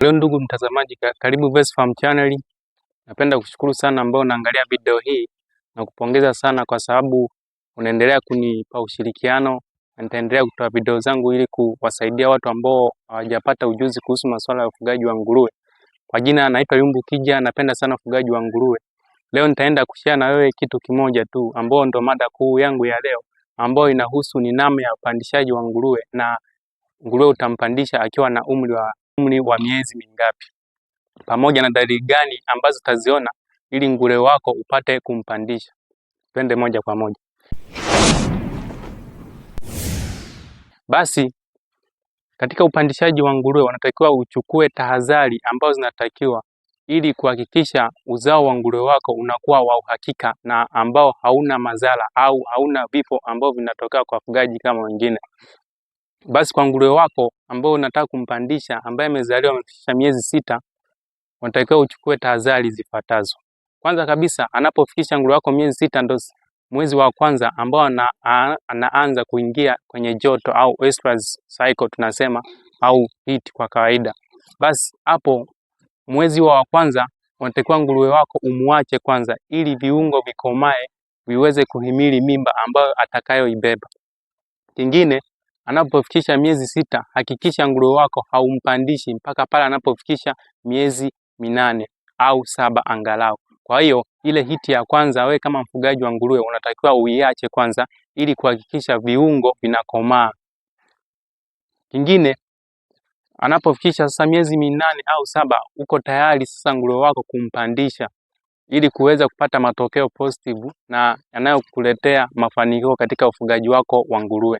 Leo ndugu mtazamaji, karibu Vets Farm Channel. Napenda kushukuru sana ambao unaangalia video hii na kupongeza sana kwa sababu unaendelea kunipa ushirikiano. Nitaendelea kutoa video zangu ili kuwasaidia watu ambao hawajapata ujuzi kuhusu masuala ya ufugaji wa nguruwe. Kwa jina naitwa Yumbu Kija, napenda sana ufugaji wa nguruwe. Leo nitaenda kushare na wewe kitu kimoja tu ambao ndo mada kuu yangu ya leo ambayo inahusu ni namna ya upandishaji wa nguruwe na nguruwe utampandisha akiwa na umri wa umri wa miezi mingapi, pamoja na dalili gani ambazo utaziona ili ngure wako upate kumpandisha. Twende moja kwa moja basi. Katika upandishaji wa nguruwe wanatakiwa uchukue tahadhari ambazo zinatakiwa ili kuhakikisha uzao wa nguruwe wako unakuwa wa uhakika na ambao hauna madhara au hauna vifo ambavyo vinatokea kwa wafugaji kama wengine. Basi kwa nguruwe wako ambao unataka kumpandisha, ambaye amezaliwa amefikisha miezi sita, unatakiwa uchukue tahadhari zifuatazo. Kwanza kabisa, anapofikisha nguruwe wako miezi sita, ndo mwezi wa kwanza ambao ana, anaanza kuingia kwenye joto au estrus cycle tunasema au heat kwa kawaida. Basi hapo mwezi wa kwanza unatakiwa nguruwe wako umuache kwanza, ili viungo vikomae viweze kuhimili mimba ambayo atakayoibeba. Kingine anapofikisha miezi sita, hakikisha nguruwe wako haumpandishi mpaka pale anapofikisha miezi minane au saba angalau. Kwa hiyo ile hiti ya kwanza, we kama mfugaji wa nguruwe unatakiwa uiache kwanza, ili kuhakikisha viungo vinakomaa. Kingine, anapofikisha sasa miezi minane au saba, uko tayari sasa nguruwe wako kumpandisha ili kuweza kupata matokeo positive na yanayokuletea mafanikio katika ufugaji wako wa nguruwe.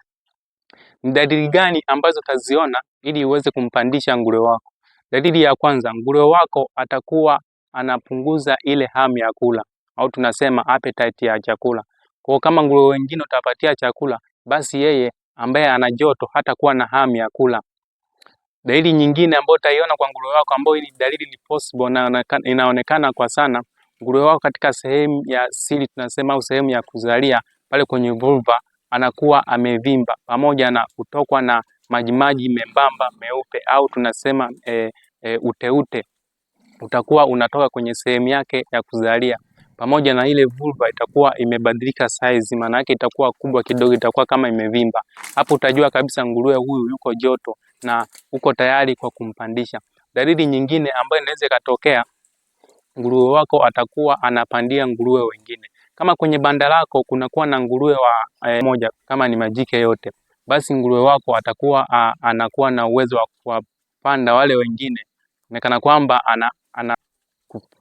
Dalili gani ambazo utaziona ili uweze kumpandisha nguruwe wako? Dalili ya kwanza, nguruwe wako atakuwa anapunguza ile hamu ya kula au tunasema appetite ya chakula. Kwa kama nguruwe wengine utapatia chakula, basi yeye ambaye ana joto hatakuwa na hamu ya kula. Dalili nyingine ambayo utaiona kwa nguruwe wako ambayo ni dalili ni possible na inaonekana kwa sana, nguruwe wako katika sehemu ya siri tunasema au sehemu ya kuzalia pale kwenye vulva anakuwa amevimba pamoja na kutokwa na majimaji membamba meupe au tunasema e, e, uteute utakuwa unatoka kwenye sehemu yake ya kuzalia pamoja na ile vulva itakuwa imebadilika size, maana yake itakuwa kubwa kidogo, itakuwa kama imevimba. Hapo utajua kabisa nguruwe huyu yuko joto na uko tayari kwa kumpandisha. Dalili nyingine ambayo inaweza ikatokea, nguruwe wako atakuwa anapandia nguruwe wengine. Kama kwenye banda lako kunakuwa na nguruwe wa e, moja kama ni majike yote, basi nguruwe wako atakuwa a, anakuwa na uwezo wa kuwapanda wale wengine, onekana kwamba ana, ana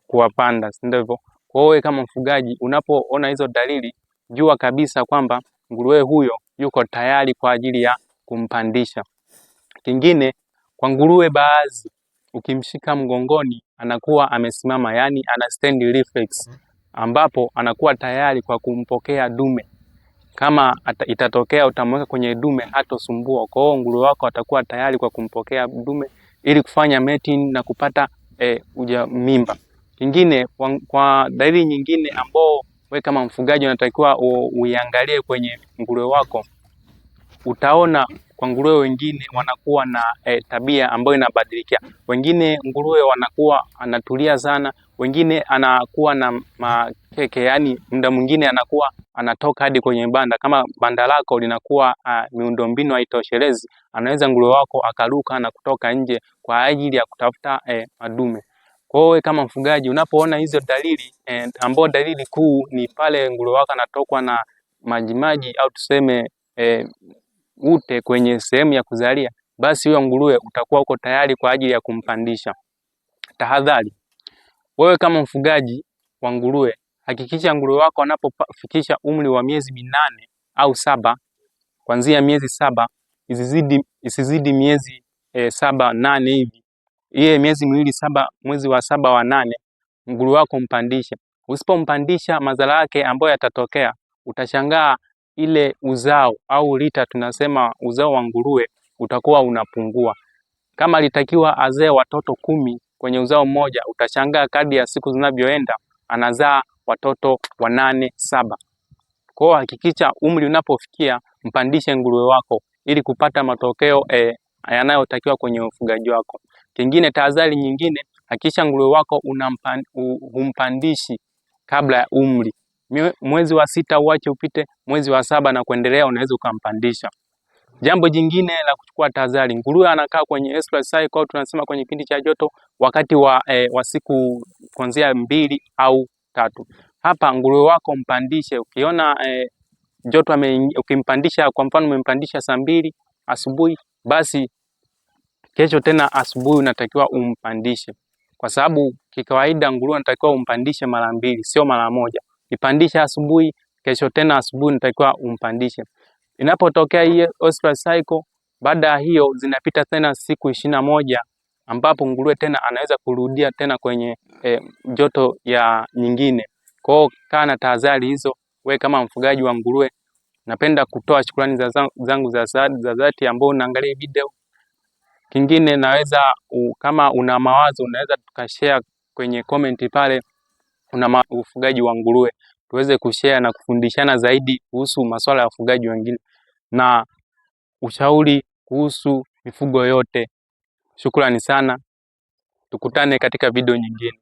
kuwapanda, si ndivyo? Kwa hiyo kama mfugaji unapoona hizo dalili, jua kabisa kwamba nguruwe huyo yuko tayari kwa ajili ya kumpandisha. Kingine, kwa nguruwe baadhi ukimshika mgongoni anakuwa amesimama, yani ana stand reflex ambapo anakuwa tayari kwa kumpokea dume. Kama itatokea utamweka kwenye dume, hatosumbua. Kwa hiyo nguruwe wako atakuwa tayari kwa kumpokea dume ili kufanya mating na kupata e, eh, uja mimba. Kingine kwa, kwa dalili nyingine ambao we kama mfugaji unatakiwa uiangalie kwenye nguruwe wako, utaona kwa nguruwe wengine wanakuwa na e, tabia ambayo inabadilikia. Wengine nguruwe wanakuwa anatulia sana, wengine anakuwa na makeke, yaani muda mwingine anakuwa anatoka hadi kwenye banda. Kama banda lako linakuwa ah, miundombinu haitoshelezi, anaweza nguruwe wako akaruka na kutoka nje kwa ajili ya kutafuta e, madume. Kwa hiyo kama mfugaji unapoona hizo dalili e, eh, ambao dalili kuu ni pale nguruwe wako anatokwa na majimaji au tuseme e, ute kwenye sehemu ya kuzalia, basi huyo nguruwe utakuwa uko tayari kwa ajili ya kumpandisha. Tahadhari, wewe kama mfugaji wa nguruwe, hakikisha nguruwe wako wanapofikisha umri wa miezi minane au saba, kuanzia miezi saba isizidi, isizidi miezi e, saba nane hivi, iye miezi miwili saba, mwezi wa saba wa nane, nguruwe wako mpandishe. Usipompandisha, madhara yake ambayo yatatokea, utashangaa ile uzao au lita tunasema uzao wa nguruwe utakuwa unapungua. Kama alitakiwa azee watoto kumi kwenye uzao mmoja, utashangaa kadi ya siku zinavyoenda anazaa watoto wanane saba. Kwa hiyo hakikisha umri unapofikia mpandishe nguruwe wako ili kupata matokeo e, yanayotakiwa kwenye ufugaji wako. Kingine, tahadhari nyingine, hakikisha nguruwe wako unampandishi humpandishi kabla ya umri mwezi wa sita uache upite, mwezi wa saba na kuendelea unaweza ukampandisha. Jambo jingine la kuchukua tahadhari, nguruwe anakaa kwenye estrus cycle, tunasema kwenye kipindi cha joto, wakati wa, e, wa siku kuanzia mbili au tatu. Hapa nguruwe wako mpandishe, ukiona e, joto ame, ukimpandisha kwa mfano umempandisha saa mbili asubuhi, basi kesho tena asubuhi unatakiwa umpandishe, kwa sababu kikawaida nguruwe anatakiwa umpandishe mara mbili, sio mara moja ipandishe asubuhi, kesho tena asubuhi nitakiwa umpandishe. Inapotokea hii ostrich cycle, baada ya hiyo zinapita tena siku ishirini na moja ambapo nguruwe tena anaweza kurudia tena kwenye e, joto ya nyingine. Kwa hiyo kaa na tahadhari hizo, we kama mfugaji wa nguruwe. Napenda kutoa shukrani za zangu za dhati ambao unaangalia video. Kingine naweza u, kama una mawazo unaweza tukashare kwenye comment pale, una ufugaji wa nguruwe, tuweze kushare na kufundishana zaidi kuhusu masuala ya ufugaji wengine na ushauri kuhusu mifugo yote. Shukrani sana, tukutane katika video nyingine.